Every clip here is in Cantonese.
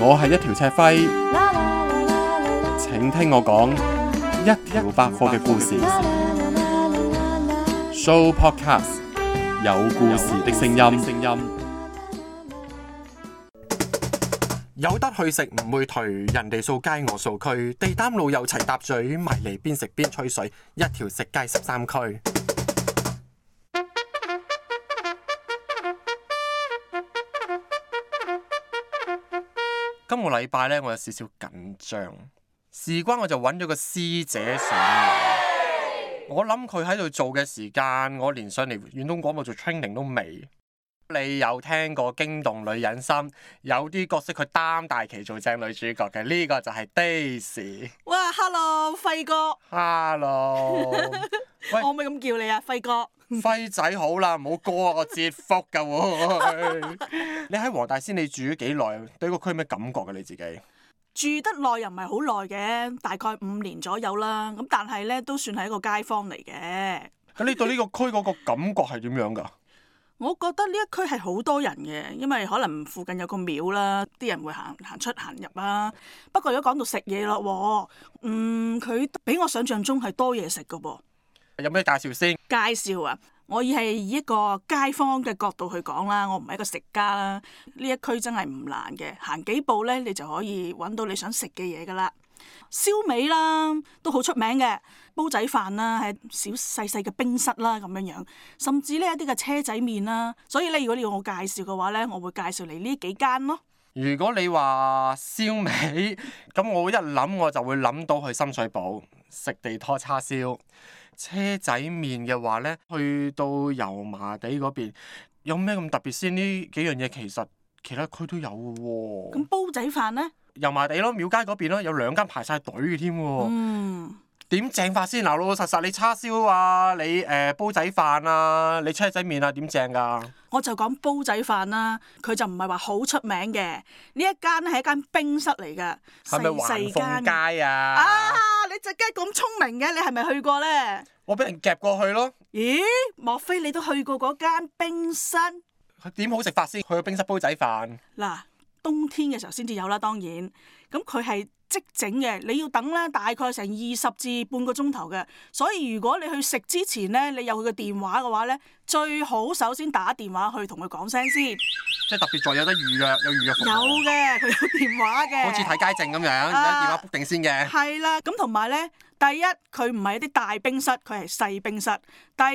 我係一條赤輝，請聽我講一條百科嘅故事。Show podcast 有故事的聲音，有得去食唔會退，人哋掃街我掃區，地攤老友齊搭嘴，埋嚟邊食邊吹水，一條食街十三區。今個禮拜咧，我有少少緊張，事關我就揾咗個師姐上嚟。我諗佢喺度做嘅時間，我連上嚟遠東廣播做 training 都未。你有聽過驚動女人心？有啲角色佢擔大旗做正女主角嘅，呢、這個就係 Daisy。哇，Hello，輝哥。Hello。 喂我可唔可以咁叫你啊，輝哥。 輝仔好啦，唔好哥啊，我折福噶喎。 你喺黃大仙，你住咗幾耐？對個區咩感覺嘅你自己？住得耐又唔係好耐嘅，大概五年左右啦。咁但係咧，都算係一個街坊嚟嘅。咁你對呢個區嗰個感覺係點樣㗎？ 我覺得呢一區係好多人嘅，因為可能附近有個廟啦，啲人會行行出行入啦、啊。不過如果講到食嘢啦，嗯、呃，佢比我想象中係多嘢食㗎噃。有咩介紹先？介紹啊！我以係以一個街坊嘅角度去講啦，我唔係一個食家啦。呢一區真係唔難嘅，行幾步咧，你就可以揾到你想食嘅嘢㗎喇。燒味啦，都好出名嘅；煲仔飯啦，係小細細嘅冰室啦咁樣樣，甚至呢一啲嘅車仔麵啦。所以咧，如果你要我介紹嘅話咧，我會介紹你呢幾間咯。如果你話燒味，咁我一諗我就會諗到去深水埗食地拖叉燒。車仔麵嘅話，呢去到油麻地嗰邊，有咩咁特別先？呢幾樣嘢其實其他區都有嘅喎。咁煲仔飯呢？油麻地咯，廟街嗰邊咯，有兩間排晒隊嘅添。嗯。點正法先嗱？老老實實，你叉燒啊，你誒、呃、煲仔飯啊，你車仔麵啊，點、啊、正㗎？我就講煲仔飯啦、啊，佢就唔係話好出名嘅。呢一間係一間冰室嚟㗎。係咪雲鳳街啊？啊！你隻雞咁聰明嘅、啊，你係咪去過咧？我俾人夾過去咯。咦？莫非你都去過嗰間冰室？佢點好食法先？去個冰室煲仔飯。嗱、啊，冬天嘅時候先至有啦，當然。咁佢係。即整嘅，你要等咧大概成二十至半個鐘頭嘅。所以如果你去食之前咧，你有佢嘅電話嘅話咧，最好首先打電話去同佢講聲先。即特別在有得預約，有預約。有嘅，佢有電話嘅。好似睇街症咁樣，而家、啊、電話 book 定先嘅。係啦，咁同埋咧，第一佢唔係一啲大冰室，佢係細冰室。第二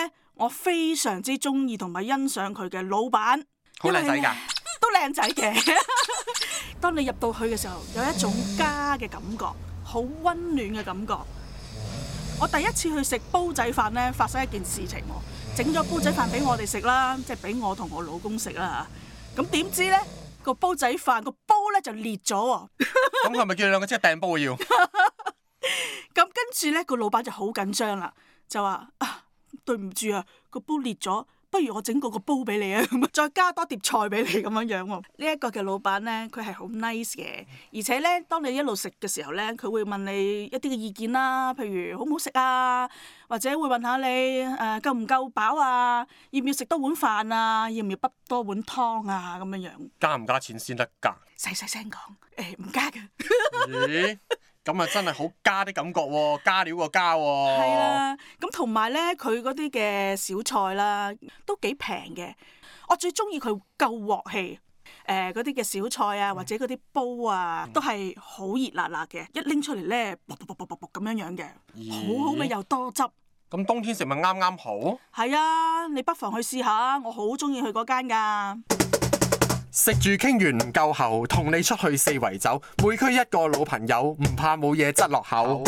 咧，我非常之中意同埋欣賞佢嘅老闆。好靚仔㗎！ 都靚仔嘅， 當你入到去嘅時候，有一種家嘅感覺，好溫暖嘅感覺。我第一次去食煲仔飯呢，發生一件事情喎，整咗煲仔飯俾我哋食啦，即係俾我同我老公食啦吓。咁點知呢？個煲仔飯個煲呢就裂咗。咁係咪叫你兩個即係掟煲要、啊？咁跟住呢，個老闆就好緊張啦，就話、啊：對唔住啊，個煲裂咗。不如我整個個煲俾你啊，再加多碟菜俾你咁樣樣喎。呢、這、一個嘅老闆咧，佢係好 nice 嘅，而且咧，當你一路食嘅時候咧，佢會問你一啲嘅意見啦，譬如好唔好食啊，或者會問下你誒、呃、夠唔夠飽啊，要唔要食多碗飯啊，要唔要煲多碗湯啊咁樣樣。加唔加錢先得㗎？細細聲講誒，唔、欸、加嘅。 欸咁啊，真係好加啲感覺喎，加料就加喎。係啊，咁同埋咧，佢嗰啲嘅小菜啦，都幾平嘅。我最中意佢夠鑊氣，誒嗰啲嘅小菜啊，或者嗰啲煲啊，都係好熱辣辣嘅。一拎出嚟咧，啵啵啵啵啵咁樣樣嘅，好好味又多汁。咁冬天食咪啱啱好。係啊，你不妨去試下，我好中意去嗰間噶。食住傾完唔夠喉，同你出去四圍走，每區一個老朋友，唔怕冇嘢，質落口。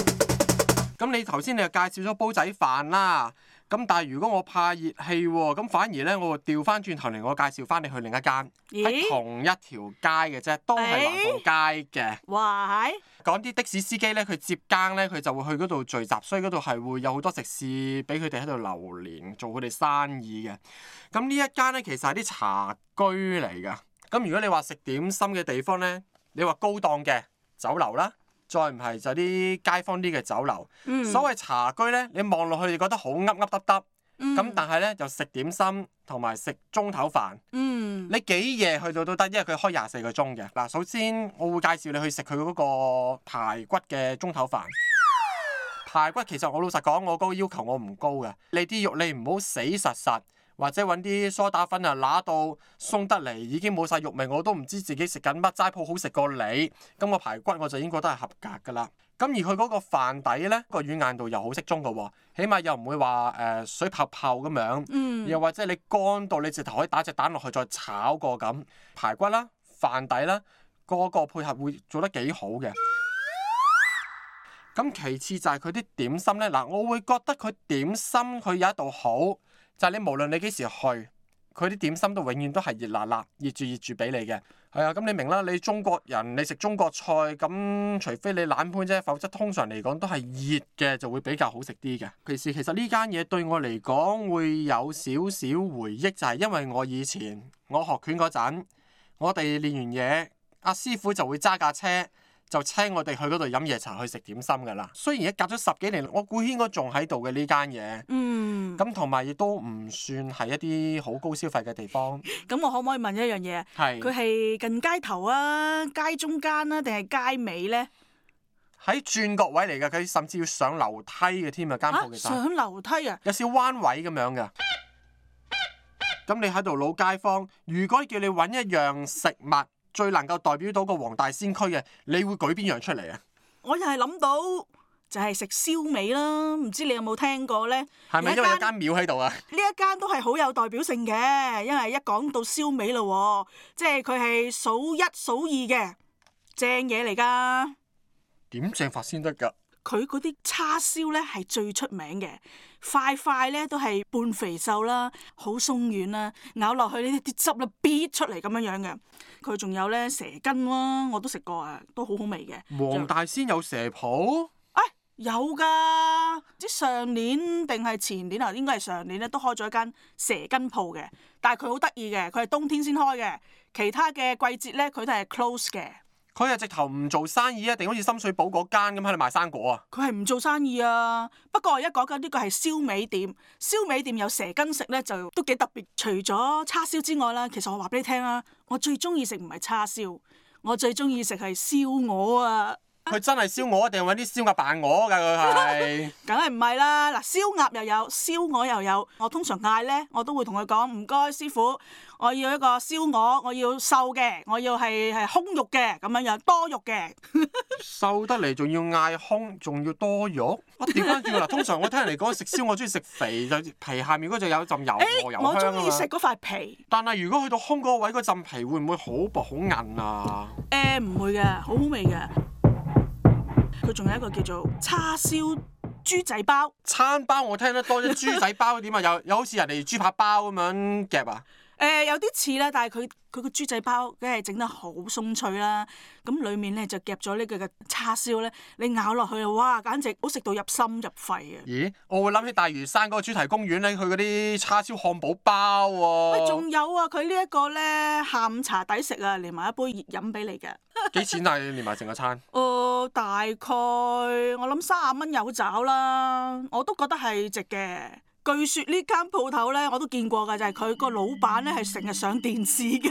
咁好你頭先你又介紹咗煲仔飯啦。咁但係如果我怕熱氣喎，咁反而呢，我會調翻轉頭嚟，我介紹翻你去另一間喺、欸、同一條街嘅啫，都係環坊街嘅、欸。哇，講啲的士司機呢，佢接更呢，佢就會去嗰度聚集，所以嗰度係會有好多食肆俾佢哋喺度流連做佢哋生意嘅。咁呢一間呢，其實係啲茶居嚟噶。咁如果你話食點心嘅地方呢？你話高檔嘅酒樓啦，再唔係就啲街坊啲嘅酒樓。嗯、所謂茶居呢，你望落去你覺得好噏噏耷耷，咁、嗯、但係呢，就食點心同埋食盅頭飯。嗯、你幾夜去到都得，因為佢開廿四個鐘嘅。嗱，首先我會介紹你去食佢嗰個排骨嘅盅頭飯。排骨其實我老實講，我個要求我唔高嘅，你啲肉你唔好死實實實。或者揾啲梳打粉啊，攪到鬆得嚟，已經冇晒肉味，我都唔知自己食緊乜齋鋪好食過你。咁、嗰個排骨我就已經覺得係合格噶啦。咁而佢嗰個飯底呢，個軟硬度又好適中噶喎，起碼又唔會話誒、呃、水泡泡咁樣，又、嗯、或者你乾到你直頭可以打隻蛋落去再炒過咁，排骨啦、飯底啦，個個配合會做得幾好嘅。咁其次就係佢啲點心呢，嗱，我會覺得佢點心佢有一度好。就係你無論你幾時去，佢啲點心都永遠都係熱辣辣、熱住熱住俾你嘅。係啊，咁你明啦。你中國人，你食中國菜，咁除非你冷盤啫，否則通常嚟講都係熱嘅就會比較好食啲嘅。其實其實呢間嘢對我嚟講會有少少回憶，就係、是、因為我以前我學拳嗰陣，我哋練完嘢，阿師傅就會揸架車就車我哋去嗰度飲夜茶去食點心噶啦。雖然而家隔咗十幾年，我估應該仲喺度嘅呢間嘢。嗯。咁同埋亦都唔算係一啲好高消費嘅地方。咁我可唔可以問一樣嘢？佢係係近街頭啊、街中間啊定係街尾咧？喺轉角位嚟嘅，佢甚至要上樓梯嘅添啊！間鋪其實上樓梯啊，有少少彎位咁樣嘅。咁你喺度老街坊，如果你叫你揾一樣食物最能夠代表到個黃大仙區嘅，你會舉邊樣出嚟啊？我又係諗到。就係食燒味啦，唔知你有冇聽過咧？係咪不因為有間廟喺度啊？呢 一間都係好有代表性嘅，因為一講到燒味啦，即係佢係數一數二嘅正嘢嚟㗎。點正法先得㗎？佢嗰啲叉燒咧係最出名嘅，塊塊咧都係半肥瘦啦，好鬆軟啦，咬落去呢啲汁咧必出嚟咁樣樣嘅。佢仲有咧蛇羹啦，我都食過啊，都好好味嘅。黃大仙有蛇鋪？有噶，即上年定係前年啊？應該係上年咧，都開咗一間蛇羹鋪嘅。但係佢好得意嘅，佢係冬天先開嘅，其他嘅季節咧，佢都係 close 嘅。佢係直頭唔做生意啊，定好似深水埗嗰間咁喺度賣生果啊？佢係唔做生意啊，不過我而家講緊呢個係燒味店，燒味店有蛇羹食咧就都幾特別。除咗叉燒之外啦，其實我話俾你聽、啊、啦，我最中意食唔係叉燒，我最中意食係燒鵝啊。佢真係燒鵝定搵啲燒鴨扮鵝噶佢係，梗係唔係啦嗱，燒鴨又有，燒鵝又有。我通常嗌呢，我都會同佢講唔該師傅，我要一個燒鵝，我要瘦嘅，我要係係胸肉嘅咁樣樣，多肉嘅。 瘦得嚟仲要嗌胸，仲要多肉。我點樣叫啦， 通常我聽人嚟講食燒鵝中意食肥，就 皮下面嗰度有一陣油、欸、油香啊。我中意食嗰塊皮。但係如果去到胸嗰個位嗰陣皮會唔會好薄好韌啊？誒、呃，唔會嘅，好好味嘅。佢仲有一個叫做叉燒豬仔包。餐包我聽得多啲，豬仔包點啊？ 有有好似人哋豬扒包咁樣夾啊？誒、呃、有啲似啦，但係佢佢個豬仔包梗係整得好鬆脆啦。咁裡面咧就夾咗呢個嘅叉燒咧，你咬落去啊，哇！簡直好食到入心入肺啊！咦？我會諗起大嶼山嗰個主題公園咧，佢嗰啲叉燒漢堡包喎、啊。喂、哎，仲有啊！佢呢一個咧下午茶抵食啊，連埋一杯熱飲俾你嘅。幾 錢啊？連埋成個餐。哦 呃，大概我諗卅蚊有找啦。我都覺得係值嘅。據說呢間鋪頭咧，我都見過噶，就係佢個老闆咧係成日上電視嘅，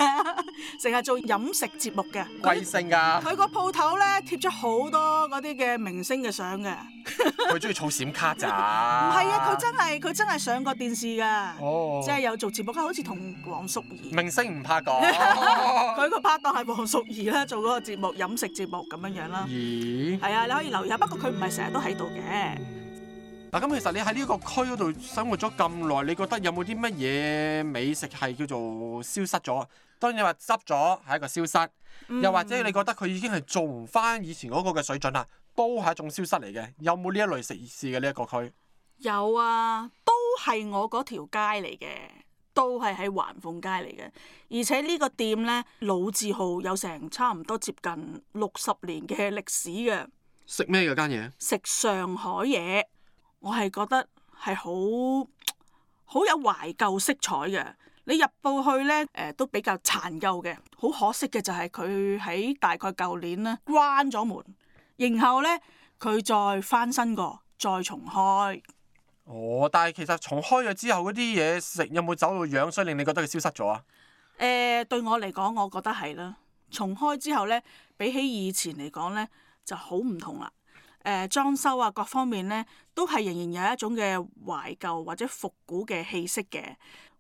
成日做飲食節目嘅，貴姓噶、啊？佢個鋪頭咧貼咗好多嗰啲嘅明星嘅相嘅，佢中意儲閃卡咋？唔係啊，佢、 啊、真係佢真係上過電視噶，即係、oh. 有做節目，佢好似同黃淑儀。明星唔怕講，佢、oh. 個 拍檔係黃淑儀啦，做嗰個節目飲食節目咁樣樣啦。咦？係啊，你可以留意下，不過佢唔係成日都喺度嘅。咁其實你喺呢個區嗰度生活咗咁耐，你覺得有冇啲乜嘢美食係叫做消失咗啊？當然話執咗係一個消失，嗯、又或者你覺得佢已經係做唔翻以前嗰個嘅水準啦，都係一種消失嚟嘅。有冇呢一類食肆嘅呢一個區？有啊，都係我嗰條街嚟嘅，都係喺環鳳街嚟嘅。而且呢個店咧老字號，有成差唔多接近六十年嘅歷史嘅。食咩嗰間嘢？食上海嘢。我係覺得係好好有懷舊色彩嘅，你入到去咧，誒、呃、都比較殘舊嘅。好可惜嘅就係佢喺大概舊年咧關咗門，然後咧佢再翻新過，再重開。哦，但係其實重開咗之後嗰啲嘢食有冇走到樣，所以令你覺得佢消失咗啊？誒、呃，對我嚟講，我覺得係啦。重開之後咧，比起以前嚟講咧，就好唔同啦。誒裝修啊，各方面呢都係仍然有一種嘅懷舊或者復古嘅氣息嘅，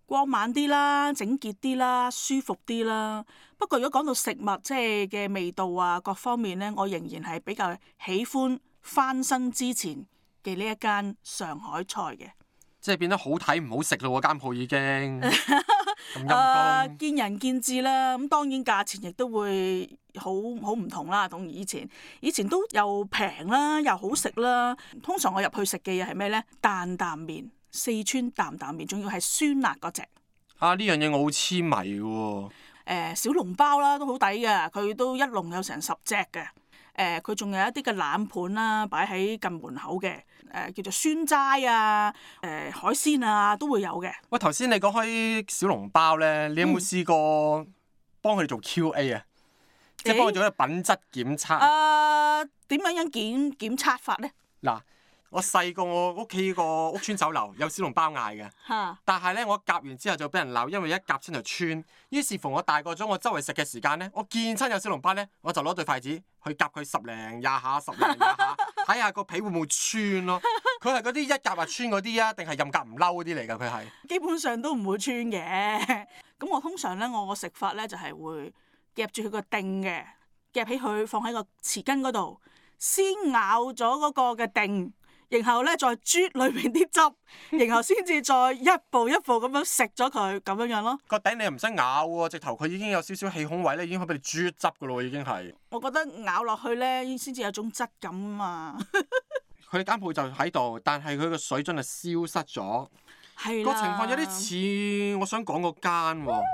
光猛啲啦，整潔啲啦，舒服啲啦。不過如果講到食物即係嘅味道啊，各方面呢，我仍然係比較喜歡翻新之前嘅呢一間上海菜嘅。即係變得好睇唔好食咯喎，間鋪已經。咁陰公。見仁見智啦，咁當然價錢亦都會好好唔同啦，同以，以前。以前都又平啦，又好食啦。通常我入去食嘅嘢係咩咧？擔擔麵，四川擔擔麵，仲要係酸辣嗰隻。啊！呢樣嘢我好痴迷嘅喎、哦啊。小籠包啦，都好抵㗎，佢都一籠有成十隻嘅。誒佢仲有一啲嘅冷盤啦、啊，擺喺近門口嘅誒、呃、叫做酸齋啊，誒、呃、海鮮啊都會有嘅。喂，頭先你講開小籠包咧，你有冇試過幫佢做 QA 啊？嗯、即係幫佢做一個品質檢測。誒點、呃、樣樣檢檢測法咧？嗱。我細個我屋企個屋村酒樓有小籠包嗌嘅，但係咧我夾完之後就俾人鬧，因為一夾親就穿。於是乎我大個咗，我周圍食嘅時間咧，我見親有小籠包咧，我就攞對筷子去夾佢十零廿下，十零廿下睇下個皮會唔會穿咯。佢係嗰啲一夾就穿嗰啲啊，定係任夾唔嬲嗰啲嚟㗎？佢係基本上都唔會穿嘅。咁 我通常咧，我個食法咧就係、是、會夾住佢個頂嘅，夾起佢放喺個匙羹嗰度，先咬咗嗰個嘅頂。然後咧再啜裏面啲汁，然後先至再一步一步咁樣食咗佢咁樣樣咯。個頂你又唔使咬喎？哦，直頭佢已經有少少氣孔位咧，已經可以俾你啜汁噶啦，已經係。我覺得咬落去咧，先至有種質感啊嘛。佢間鋪就喺度，但係佢個水樽係消失咗。係啦。個情況有啲似我想講個間、哦。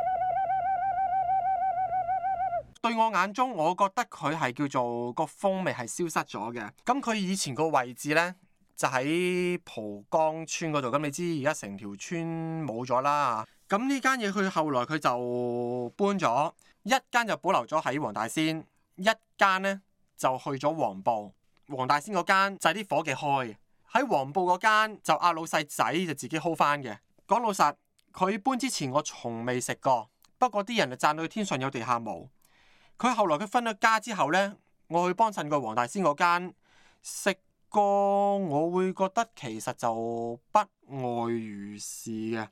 對我眼中，我覺得佢係叫做個風味係消失咗嘅。咁佢以前個位置咧，就喺浦江村嗰度，咁你知而家成條村冇咗啦。咁呢間嘢，佢後來佢就搬咗，一間就保留咗喺黃大仙，一間呢就去咗黃埔。黃大仙嗰間就係啲夥計開嘅，喺黃埔嗰間就阿老細仔就自己 hold 翻嘅。講老實，佢搬之前我從未食過，不過啲人就讚到佢天上有地下冇。佢後來佢分咗家之後呢，我去幫襯過黃大仙嗰間食。個我會覺得其實就不外如是嘅，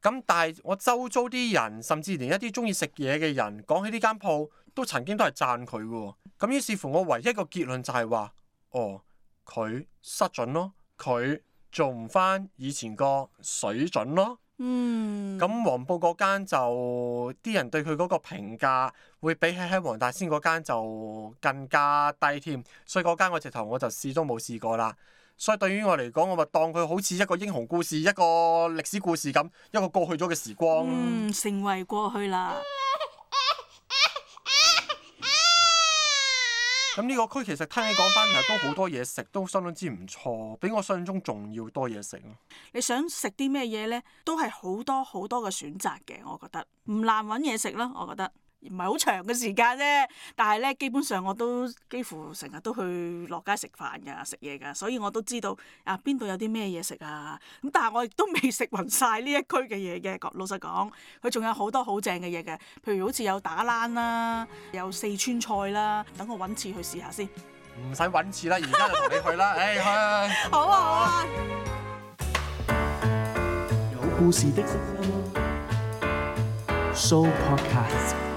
咁但係我周遭啲人，甚至連一啲鍾意食嘢嘅人，講起呢間鋪都曾經都係讚佢㗎喎，咁於是乎我唯一,一個結論就係話，哦，佢失準咯，佢做唔返以前個水準咯。咁、嗯、黃埔嗰間就啲人對佢嗰個評價會比起喺黃大仙嗰間就更加低添，所以嗰間我直頭我就始終冇試過啦。所以對於我嚟講，我咪當佢好似一個英雄故事、一個歷史故事咁，一個過去咗嘅時光。嗯，成為過去啦。咁呢個區其實聽你講返，其實都好多嘢食，都相當之唔錯，比我想象中仲要多嘢食咯。你想食啲咩嘢咧？都係好多好多嘅選擇嘅，我覺得唔難揾嘢食啦，我覺得。唔係好長嘅時間啫，但係咧基本上我都幾乎成日都去落街食飯㗎，食嘢㗎，所以我都知道啊邊度有啲咩嘢食啊。咁、啊、但係我亦都未食勻晒呢一區嘅嘢嘅，講老實講，佢仲有好多好正嘅嘢嘅，譬如好似有打冷啦、啊，有四川菜啦、啊，等我揾次去試下先。唔使揾次啦，而家就同你去啦，誒去。好啊好啊。有故事的聲音。So podcast。